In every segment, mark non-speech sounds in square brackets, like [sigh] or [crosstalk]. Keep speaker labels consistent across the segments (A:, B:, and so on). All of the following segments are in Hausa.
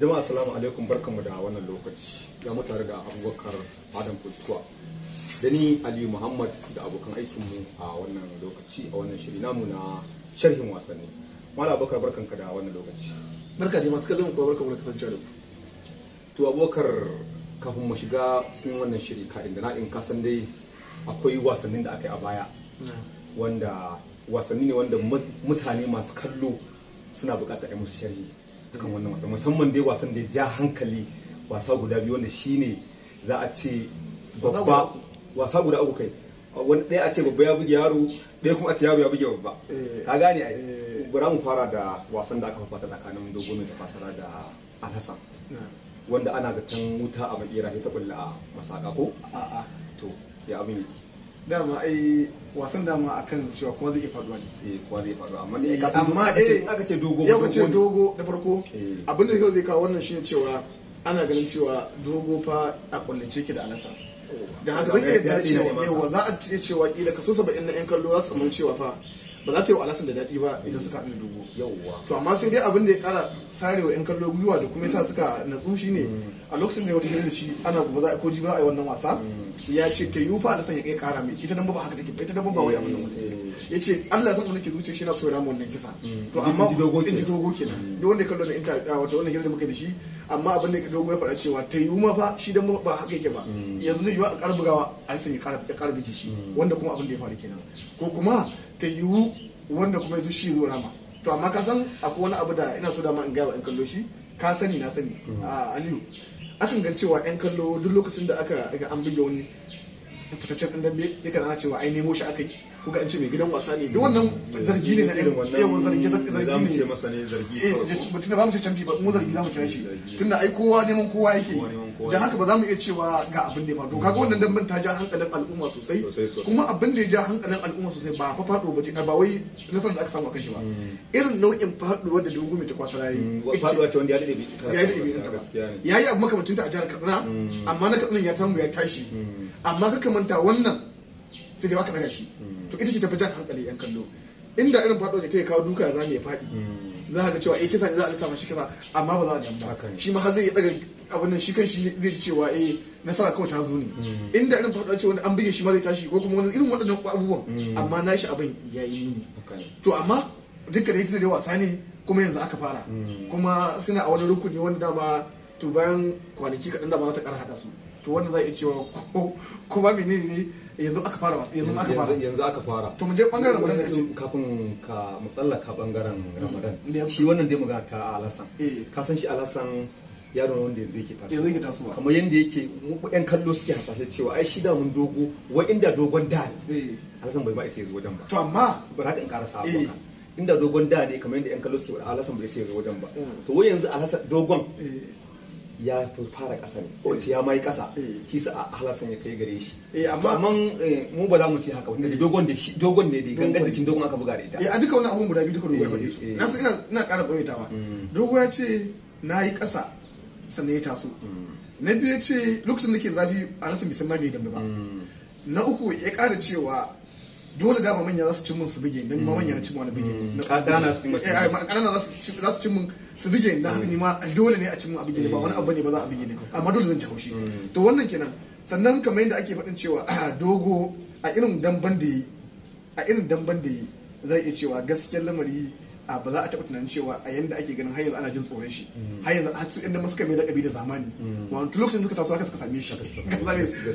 A: jama'a assalamu alaikum barkanmu da wannan lokaci ga mutare tare da abubakar adam kultuwa da ni ali muhammad da abokan aikinmu a wannan lokaci a wannan shiri namu na sharhin wasanni mala abubakar ka da wannan lokaci barka ne masu kallon ko barkanmu da kasance da ku to abubakar kafin mu shiga cikin wannan shiri ka inda na in kasan dai akwai wasannin da aka yi a baya wanda wasanni ne wanda mutane masu kallo suna bukatar yi musu sharhi kan wannan wasa musamman dai wasan da ja hankali wasa guda biyu wanda shine za a ce babba wasa guda uku kai wani ɗaya a ce babba ya buge yaro ɗaya kuma a ce yaro ya buge babba eh, ka gane ai eh. bura mu fara da wasan da aka fafata tsakanin dogon da fasara da alhassan wanda ana zaton wuta a makera ta kulla a masaka ko to ya abin yake dama ai wasan dama akan cewa kuma zai iya faduwa ne eh kuma zai amma eh kasan amma eh aka ce dogo ya kace
B: dogo da farko eh. abin da zai kawo wannan shine cewa ana ganin cewa dogo fa a kullace ki da alasa oh. da haka zai iya da cewa za a ce cewa kila kaso 70 na yan kallo za su amince cewa fa ba za ta yi wa alasan da daɗi ba idan suka haɗu dubu yawwa to amma sai dai abin da ya ƙara wa yan kallo gwiwa da kuma yasa suka natsu shi ne a lokacin da ya wata da shi ana gobe za a koji ba a yi wannan wasa ya ce ta yi fa alasan ya kai ƙara mai ita dan ba haka take ba ita dan ba wai abin da mutum ya ce Allah san wani ke zuciya shi na so ya ramu wannan kisa to amma in ji dogo kenan mm. duk wanda ya kallo na inta wato wannan hira da muka da shi amma abin da ya dogo ya faɗa cewa ta yi ma fa shi dan ba haka yake ba mm. yanzu zai yi wa a ƙara bugawa alasan ya ƙara bige shi mm. wanda kuma abin da ya faru kenan ko kuma ta yiwu wanda kuma yanzu shi zo rama to amma ka san akwai wani abu da ina so dama in gaya in kallo shi ka sani na sani mm. a aliyu akan ga cewa yan kallo duk lokacin da aka daga an buga wani fitaccen ɗan dambe sai kana cewa ai nemo shi aka yi ko an ce mai gidan wasa ne duk wannan mm. zargi ne na irin wannan yawan zargi zargi ne zamu ce zargi ne
A: zargi zargi
B: eh, ne ba mu ce ne ba mu zargi ne kira shi zargi ne kowa neman kowa yake yi da haka ba za mu iya cewa ga abin da ya faru kaga wannan damben ta ja hankalin al'umma sosai kuma abin da ya ja hankalin al'umma sosai ba fa faɗo ba ba wai nasarar da aka samu kan shi ba mm. irin nau'in faɗuwar da dogon mai ta kwasa rayi mm, faɗuwa
A: ce wanda ya daɗe ya daɗe ta gaskiya
B: ya yi abu makamancin ta a jihar Katsina mm. amma na Katsina ya tambaya ya tashi amma ka kamanta wannan sai da baka daga shi to ita ce ta fi jan hankali yan kallo inda irin faɗuwa ta ya kawo duka ya zame ya faɗi za ka cewa eh kisa ne za a lissafa shi kisa amma ba za a damu shi ma har zai daga abin nan shi kan shi zai ji cewa eh nasara kawai ta zo ne hmm. inda irin faɗa ce wani an bige shi ma zai tashi ko kuma wani irin waɗannan abubuwan hmm. amma na shi abin ya yi ne to amma dukkan da da wasa ne kuma yanzu aka fara hmm. kuma suna a wani rukuni wanda dama to bayan kwanaki kaɗan dama za ta ƙara haɗa su to wannan za a iya cewa ko kuma
A: menene ne yanzu aka fara yanzu aka fara yanzu aka fara to mu je bangaren ramadan ne kafin ka mu tsallaka bangaren mm, ramadan shi wannan dai magana ta alasan eh. ka san shi alasan yaron wanda yanzu yake tasowa yanzu tasowa kamar yanda yake yan kallo suke hasashe cewa ai shi da mun dogo wa inda dogon da ne eh. alasan bai ba isa yanzu wajen ba to amma ba haɗin ƙarasa abokan eh. inda dogon da ne kamar yanda yan kallo suke faɗa alasan bai isa yanzu wajen ba mm. to wai yanzu alasan dogon ya fara eh. ƙasa ne eh. ya mai ƙasa sa a halasan ya kai gare shi eh, amma mu ba za mu ce haka wanda dogon da shi dogon ne da gangan jikin dogon aka buga da ita a duka wani abun guda biyu duka dogon ya faɗi su na san ina ƙara tsawaitawa mm. dogon ya ce na yi ƙasa
B: sannan ya taso mm. na biyu ya ce lokacin da ke zafi a rasa musamman mai dambe ba mm. na uku ya ƙara cewa dole dama manya za su cimmin su bige don ma manya na cin
A: wani na ƙanana
B: za su cimmin mun su bige haka ni ma dole ne a cikin abin gini ba wani abu ne ba za a bige ni amma dole zan ji haushi mm. to wannan kenan sannan kamar yadda ake faɗin cewa ah, dogo a irin damban da yi a irin damban da yi zai iya cewa gaskiyar lamari ah, ba za a taɓa tunanin cewa a yanda ake ganin har yanzu ana jin tsoron shi mm. har yanzu har su inda suka mai lakabi da zamani mm. wani lokacin suka taso haka suka same shi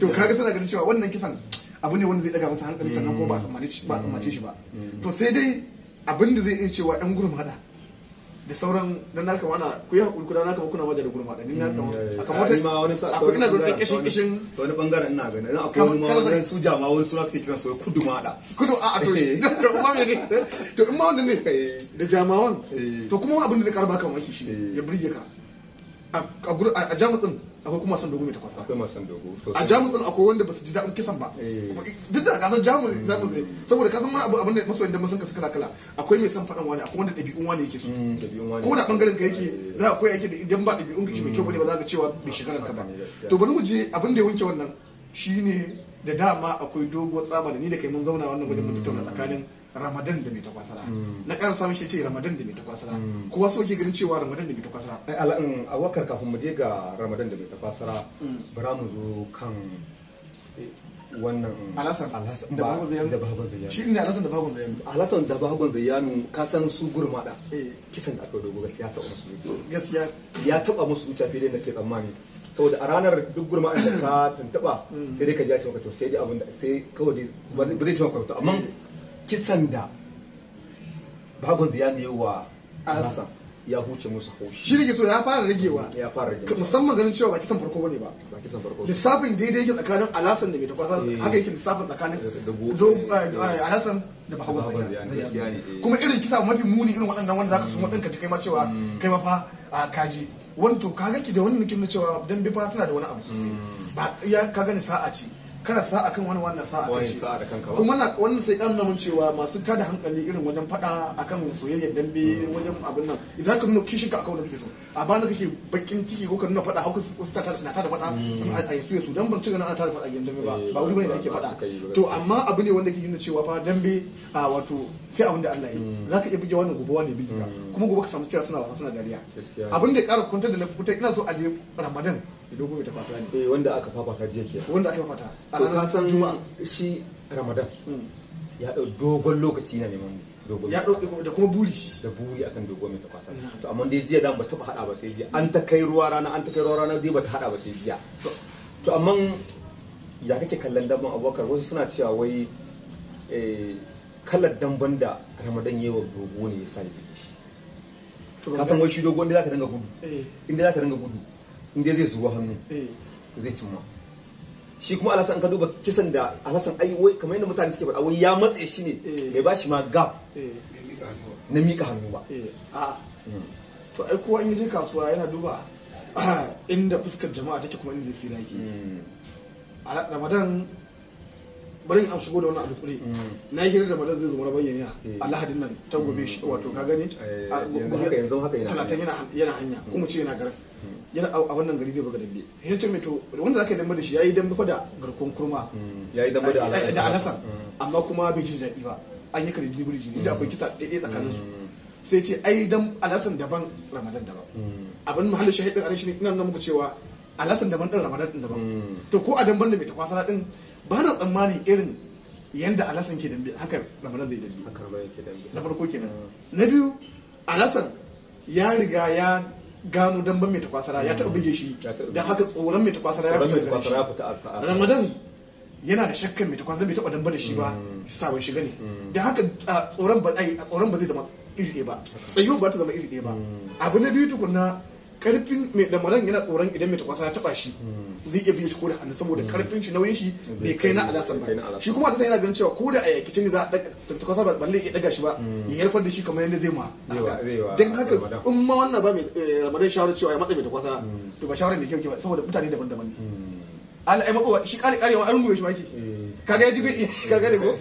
B: to kaga suna ganin cewa wannan kisan abu ne wanda zai daga masa hankali sannan ko ba a tsammace shi ba to sai dai abin da zai iya cewa yan gurum hada da sauran dan naka wana ku yi hakuri kudan naka kuna
A: waje da gurma da na kama mm, a kamar ta ma wani sa akwai ina gurin kishin kishin ta wani bangare ina ganin idan akwai ma wani su jama wani suna suke kiran su kudu ma da kudu a to eh. [laughs] to kuma me ne
B: to in ma wannan ne eh. da jamawan eh. to kuma abin da zai karba kan wanki shi ne ya birge ka a jamus din akwai kuma san dogo mai takwas akwai masan dogo sosai a jamus din akwai wanda basu ji daɗin kisan ba eh. duk da kasan jamus mm. jamus zai saboda kasan mana abin da masoyan da mun sanka suka kala akwai mai san faɗan wani akwai wanda ɗabi'un wani yake so mm, ko da bangaren ka yake eh. za a koya yake da idan ba ɗabi'un ka mai kyau ne ba za ka cewa mai shigaran ka ba to bari mu je abin da ya wanke wannan shine da dama akwai dogon tsaba da ni da kai mun zauna wannan wajen mun tattauna tsakanin ramadan da mai takwasara
A: mm. na ƙara samun shi ce ramadan da mai takwasara mm. Ko wasu ke ganin cewa ramadan da mai takwasara a wakar mm, kafin mu je ga ramadan da mai takwasara bara mu zo kan eh, wannan alasan da bahagon zayyanu shi ne alasan da bahagon zayyanu alasan da bahagon zayyanu ka san su gurmada eh. kisan da aka dogo gaskiya ta musu gaskiya ya taba musu zuciya fiye da ke tsammani saboda a ranar duk gurma da ka tuntuba sai dai ka ji a cewa to sai dai abin da sai kawai ba zai ce maka to amma kisan da bagon ziya ne wa Hassan ya huce musu haushi shi ke so ya fara ragewa ya fara ragewa
B: musamman ganin cewa ba kisan farko bane ba ba kisan farko lissafin daidai yake tsakanin alasan da mai takwasa eh. haka yake lissafin tsakanin alasan
A: da eh, ba hawa eh.
B: kuma irin kisa mafi muni irin waɗannan wanda zaka sun waɗanka ta kai ma cewa mm. kai ma fa ah, kaji wani to kaga ki da wani nukin na cewa dan bifa tana da wani abu mm. ba ya kaga ni sa'a ce kana sa akan wani wannan sa akan shi kuma na wannan sai kan mun cewa masu tada hankali irin wajen fada akan soyayyar dambe hmm. wajen abin nan idan ka nuna kishin ka akan wanda kake so a bana kake bakin ciki ko ka nuna fada hauka su ta na tada fada hmm. a yi suya su dan ban ci gana ana tada fada gidan dambe ba eh, ba wuri bane da ake fada to amma abu ne wanda ke nuna cewa fa dambe a wato sai abin da Allah ya yi hmm. zaka iya bige wannan gobe wani bige kuma gobe ka samu cewa suna wasa suna dariya abin da ya kara kwantar da na
A: fita ina so a je Ramadan dogo gobe ta kwasa ne eh wanda aka fafata jiya ke wanda aka ta a ka san juma'a shi ramadan hmm. ya dau dogon lokaci na neman dogon ya dau da kuma buri da buri akan dogon mai ta kwasa hmm. to amma dai jiya dan ba ta hada ba sai jiya an ta kai ruwa rana an ta kai ruwa rana dai ba ta hada ba sai jiya to amma ya kake kallon damban abubakar wasu suna cewa wai eh, kalar damban da ramadan ya yi wa dogo ne ya sa ya shi
B: ka san wai shi
A: dogo inda za ka dinga gudu eh. inda za ka dinga gudu in dai zai zuwa hannu eh. zai cimma shi kuma alasan ka duba kisan da alasan ai wai kamar yadda mutane suke faɗa wai ya matse shi ne eh. bai ba shi ma gab eh. na mika hannu ba hmm. to ai kowa in je kasuwa yana duba
B: [clears throat] inda fuskar jama'a take kuma inda zai sira ki hmm. a ramadan bari in shigo da abu alƙuri hmm. na yi da madan zai zo na bayyana a lahadin nan ta gobe shi wato ka gani a gobe talatin yana hanya kuma ce yana garin yana a wannan gari zai buga dambe shi ce mai to wanda zaka dambe da shi yayi dambe fa da garkon kurma
A: mm. yayi dambe da alasan mm.
B: amma kuma bai ji daɗi ba an yi karbi ji da akwai kisa ɗaya tsakanin su mm. sai ce ai dan alasan daban ramadan daban abin mahallin shahidin anan shine ina nuna muku cewa alasan daban din ramadan din daban to ko a damban da bai ta din ba na tsammani irin yanda alasan ke dambe haka ramadan zai dambe haka ramadan ke dambe na farko kenan na biyu alasan ya riga ya gano damban mai takwasara ya taɓa buge shi da haka tsoron mai takwasara ya
A: fita da
B: ramadan yana da shakkan mai takwasara bai taɓa damba da shi ba mm. sabon shiga ne mm. da haka tsoron ba zai zama iri ɗaya ba mm. tsayo ba ta zama iri ɗaya ba abu na biyu tukunna karfin mai damaran yana tsoron idan mai takwasa ya taba shi hmm. zai iya biye ko da hannu saboda hmm. karfin shi nauyin shi bai kai na alasan ba shi kuma alasan yana ganin cewa ko da a yaki cin za a takwasa ba balle ya daga shi ba hmm. ya yarfar da shi kamar yadda zai ma dan haka in ma wannan ba mai eh, ramadan shawara cewa ya matsa mai takwasa to ba shawara mai kyau ke ba saboda mutane daban-daban ne al'aimako oh, shi kare karewa an rubuce shi ma yake eh. kaga ya ji gudi kaga ne ko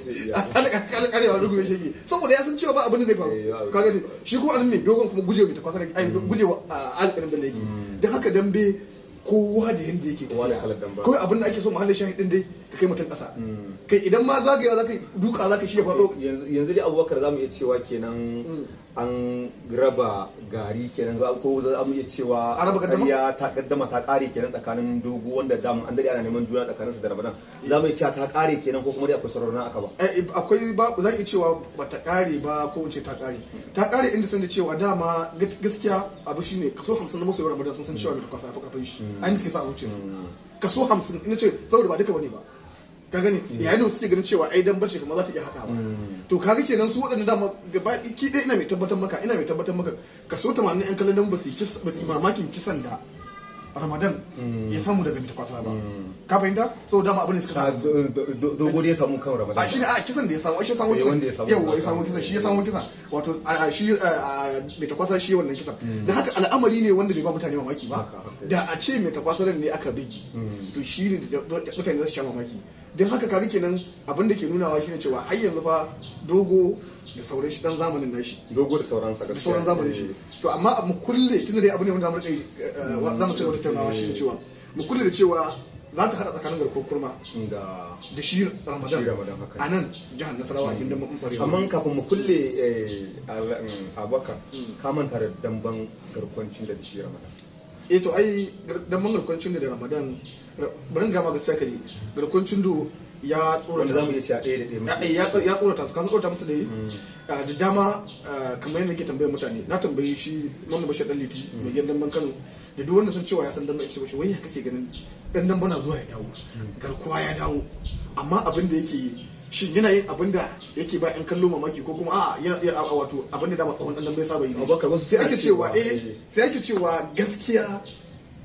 B: alƙarewa rugu ya shege saboda ya san cewa ba abin da zai faru eh, kaga ne shi kuma anan ne dogon kuma guje mai takwasa ai hmm. guje wa alƙarin da yake hmm. dan haka dambe kowa da yanda yake tafiya kawai abin da ake so mahallin shahidin dai ka kai mutum
A: ƙasa hmm. kai idan ma zagaya zaka duka zaka shi ya faɗo eh, yanzu dai abubakar zamu iya cewa kenan an raba gari kenan ko za mu iya cewa ariya ta kaddama ta kare kenan tsakanin dogo wanda damun an dade ana neman juna tsakanin su da rabanan za mu iya cewa ta kare kenan ko kuma dai akwai sauraron aka ba eh, eh, akwai ba zan iya cewa ba ta kare ba ko wace
B: ta kare ta kare inda sun cewa dama gaskiya abu shine kaso 50 na masoyan ramadan sun san cewa bai kwasa fa kafin shi hmm. an suke sa a wuce hmm. kaso 50 ina ce saboda ba duka bane ba ka gani mm. yayin da suke ganin cewa ai dan bace kamar za ta iya ba. Mm. to kaga kenan su waɗanda dama gaba ki dai ina mai tabbatar maka ina mai tabbatar maka kaso 80 yan kallon dan ba su ba su mamakin kisan da Ramadan mm. ya samu daga mita kwasa ba ka fahimta so dama abin da suka samu ah,
A: dogo da ya samu kan Ramadan ba shine
B: a kisan da ya samu shi samu eh, kisan yawa ya samu kisan shi ya samu kisan wato shi mita kwasa shi wannan kisan da haka al'amari ne wanda bai ba mutane mamaki ba da a ce mita kwasa ne aka bigi to shi ne mutane za su sha mamaki don haka kaga kenan abin da ke nunawa shine cewa har yanzu fa dogo da sauran shi dan zamanin nashi dogo da sauran sa gaskiya sauran zamanin shi to amma mu kulle tunda dai abin da wanda mu rike eh, zamu ci gaba da shi shine cewa mu kulle da cewa za ta hada tsakanin garkuwar kurma da
A: shi ramadan a nan
B: jihar nasarawa inda mun fare amma kafin mu kulle
A: eh, abubakar ka manta da damban garkuwancin da shi ramadan
B: eto eh, ai da mun garkon cindo da Ramadan bari ga ma gaskiya kare garkon do ya ta zamu iya a ɗaya
A: da ɗaya eh, ya
B: ya tsorata su ka ta musu da mm. ah, da dama ah, kamar yadda nake tambayar mutane na tambaye shi Mamman Bashir Dan Liti mm. mai gidan ban Kano da duk wanda sun cewa ya san dan ce bashi wai ya kake ganin dan dan bana zuwa ya dawo mm. garkuwa ya dawo amma abin da yake shin yana yin abin da yake ba yan kallo mamaki ko kuma a yana iya wato abin da dama tsohon dan bai saba yi sai ake cewa eh, eh sai ake cewa gaskiya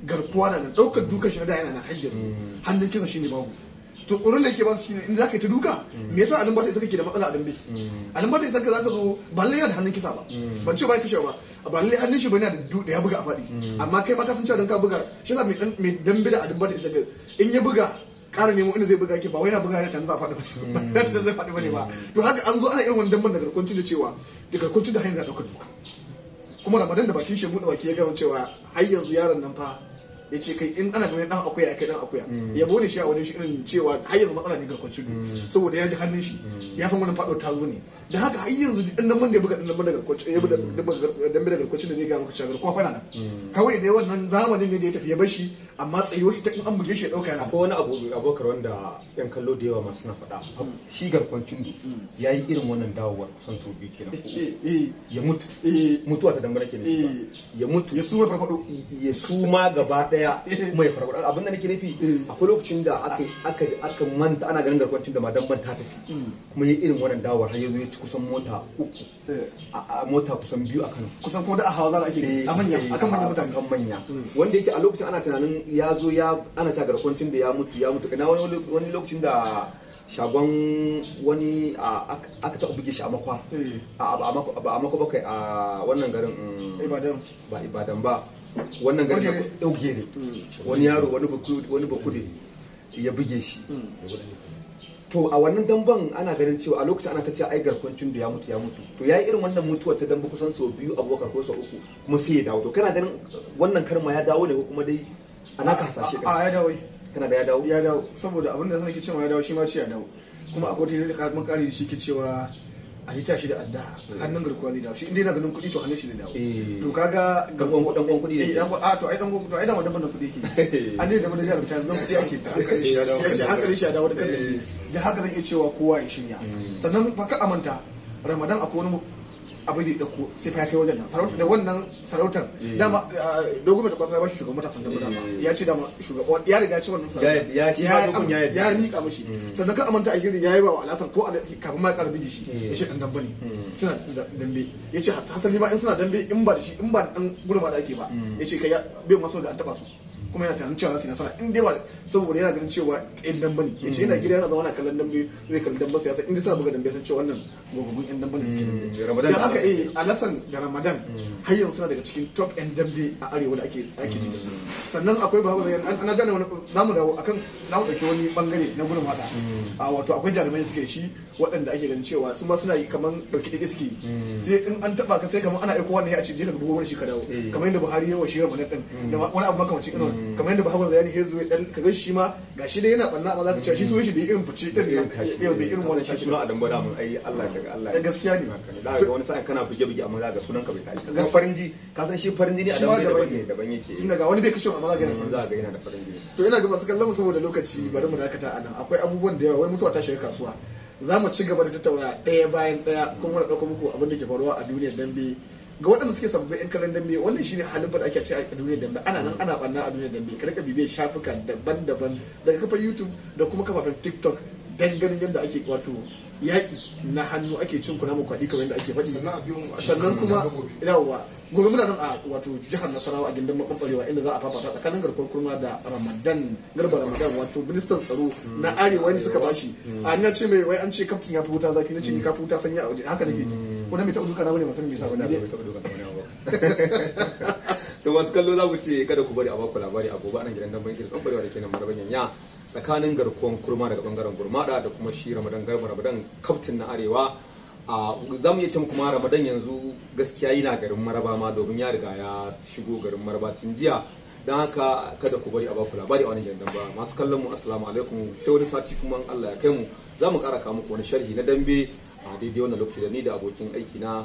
B: garkuwa na nan daukar shi na da yana nan hanyar mm. hannun kisa shi ne babu to tsoron da yake ba su ne in ka yi ta duka mm. me yasa alin bata isa kake da matsala a dambe mm. alin bata isa za ka zo ba lalle yana da hannun kisa ba ban ce ba kisa ba ba lalle hannun shi ba yana da ya buga a faɗi, amma kai ma ka san cewa don ka buga shi yasa mai dambe da alin bata isa in ya buga kara nemo inda zai buga ki ba wai yana buga ta za faɗi ta hmm. [laughs] zai faɗi bane ba to haka an zo ana irin wannan dambar da garkuncin da cewa da garkuncin da hanyar da ɗaukar duka kuma ramadan da bakin shi buɗe baki ya gaya cewa har yanzu yaron nan fa ya ce kai in ana ganin dan akuya ya kai dan akuya hmm. ya bone shi a wajen shi irin cewa har yanzu matsala ne ga kwancidu hmm. saboda ya ji hannun shi hmm. ya san wannan fado ta zo ne da haka har yanzu dan nan da ya buga dan nan daga kwancidu ya buga dan daga kwancidu da zai ga maka cewa garkwa fana nan kawai dai wannan zamanin
A: ne da ya tafi ya bashi amma tsayuwa shi ta in an buge shi ya dauka yana akwai wani abu abokar wanda yan kallo da yawa masu na faɗa shi garkwancin ne ya yi irin wannan dawowar kusan sau biyu kenan eh, eh, eh. ya mutu mutuwa ta dambara kenan ya mutu ya suma farfado ya suma gaba daya eh. mai farko abinda nake nufi eh. akwai lokacin da aka aka manta ana ganin garkwancin da madan ban ta tafi hmm. kuma yi irin wannan dawar har yanzu ya ci kusan mota uku eh. a mota kusan biyu a Kano kusan kuma da a hawa zara ake a manya kan manya mutane kan manya hmm. wanda yake a lokacin ana tunanin ya zo ya ana ta garkwancin da ya mutu ya mutu kana wani lokacin da shagon wani aka taɓa buge shi a makwa ba a makwa kai a wannan garin mm, ba ibadan ba wannan gari dauke ne mm. wani yaro wani bakudi ya buge shi mm. to a wannan damban ana ganin cewa a lokacin ana ta ce ai garkwancin da ya mutu ya mutu to yayi irin wannan mutuwar ta damba kusan sau biyu abubakar ko sau uku kuma sai ya dawo to kana ganin wannan karma ya dawo ne ko kuma dai ana ka hasashe a ya dawo kana da ya dawo ya dawo saboda abin da sanake cewa ya dawo shi
B: ma ce ya dawo kuma akwai ta yadda mun kari shi ke cewa a yi tashi da adda eh. hannun garkuwa zai dawo shi inda yana ganin kuɗi to hannun shi zai dawo eh. to kaga ga gwan dan gwan kuɗi ne eh, dan a ah, to ai dan gwan to ai dan wannan banda kuɗi ke. [laughs] an ne da banda jihar bitan zan ce ake [laughs] hankali shi ya dawo hankali shi ya dawo da kan da haka zan iya cewa kowa ya shirya sannan ba ka amanta ramadan akwai wani abin da ko sai fa kai wajen nan da wannan sarautar eh. dama eh, dogon da kwasa ba shi shugaban matasan da dama eh. ya ce dama shugaban ya riga ci wannan sarautar ya shi dogon ya ya mika mishi mm. sannan kan amanta a girin yayi ba wa alasan ko kafin ma ya karbi da shi ya ce dan dambe ne mm. suna dambe ya ce hasali ma in suna dambe in ba da shi in ba da dan gurma da ake ba mm. ya ce kai bai maso da an taba su kuma yana tunanin cewa za su yi nasara in dai ba saboda yana ganin cewa yan dambe ne ce yana gida yana zauna kallon dambe zai kalli dambe siyasa in dai suna buga dambe san cewa wannan gogogun yan dambe ne suke Ramadan da haka eh alasan da Ramadan har yanzu suna daga cikin top yan dambe a arewa da ake ake su sannan akwai ba haka ana gane wani zamu dawo akan bangare na gurin wada a wato akwai jarumai da suke shi waɗanda ake ganin cewa su ma suna yi an ka sai ana aiko wani ya ce je ka wani shi ka dawo kamar yadda Buhari Ramadan abu makamacin irin Mm. kamar yadda bahawar bayani ya zo dan ka kaga shi ma gashi dai yana banna amma zaka ce shi so shi da irin
A: fice din nan yau bai irin wannan shi sunan adam bada mun ai Allah daga Allah gaskiya ne da ga wani sa'a kana buge buge amma zaka sunan ka bai tashi ga farin ji ka san shi farin ji ne adam bai daban ne daban ke tun daga wani bai kashe amma zaka ga zaka ga yana da farin ji
B: to ina ga masu kallon saboda lokaci bari mu dakata anan akwai abubuwan da yawa wai mutuwa ta shiga kasuwa za mu ci gaba da tattauna ɗaya bayan ɗaya kuma na ɗauka muku abin da ke faruwa a duniyar dambe ga waɗanda suke sababbi yan kallon dambe wannan shine halin da ake ce a duniyar dambe ana nan ana banna a duniyar dambe ka rika bibiyar shafuka daban-daban daga kafa YouTube da kuma kafafen TikTok dan ganin yadda ake wato yaƙi na hannu ake cin kuna mu kwaɗi kamar yadda ake faɗi sannan kuma yawwa gobe muna nan a wato jihar nasarawa a gindin makamfarewa inda za a fafata tsakanin garkuwar kurma da ramadan garba ramadan wato ministan tsaro na hmm. arewa ne suka bashi hmm. a na ce mai wai an ce kaftin ya fi wuta zafi na ce ka fi wuta sanya a wajen haka nake ji hmm. ko na mai taɓa duka na wani masanin mai sa wani
A: to masu kallo za ku ce kada ku bari a baku labari a gobe anan gidan dan bankin tsobarewa da ke nan marabanyan ya tsakanin garkuwan kurma daga bangaren gurmada da kuma shi ramadan garba ramadan kaftin na arewa za mu iya ce kuma ramadan yanzu gaskiya yana garin maraba ma domin ya riga ya shigo garin maraba tun jiya don haka kada ku bari a baku labari a wani yandan ba masu kallon mu assalamu alaikum sai wani sati kuma Allah ya kai mu za mu kara kawo muku wani sharhi na dambe a daidai wannan lokaci da ni da abokin aiki na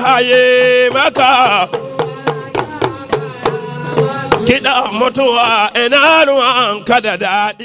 A: haye maka kiɗa mutuwa ina ruwan ka da daɗi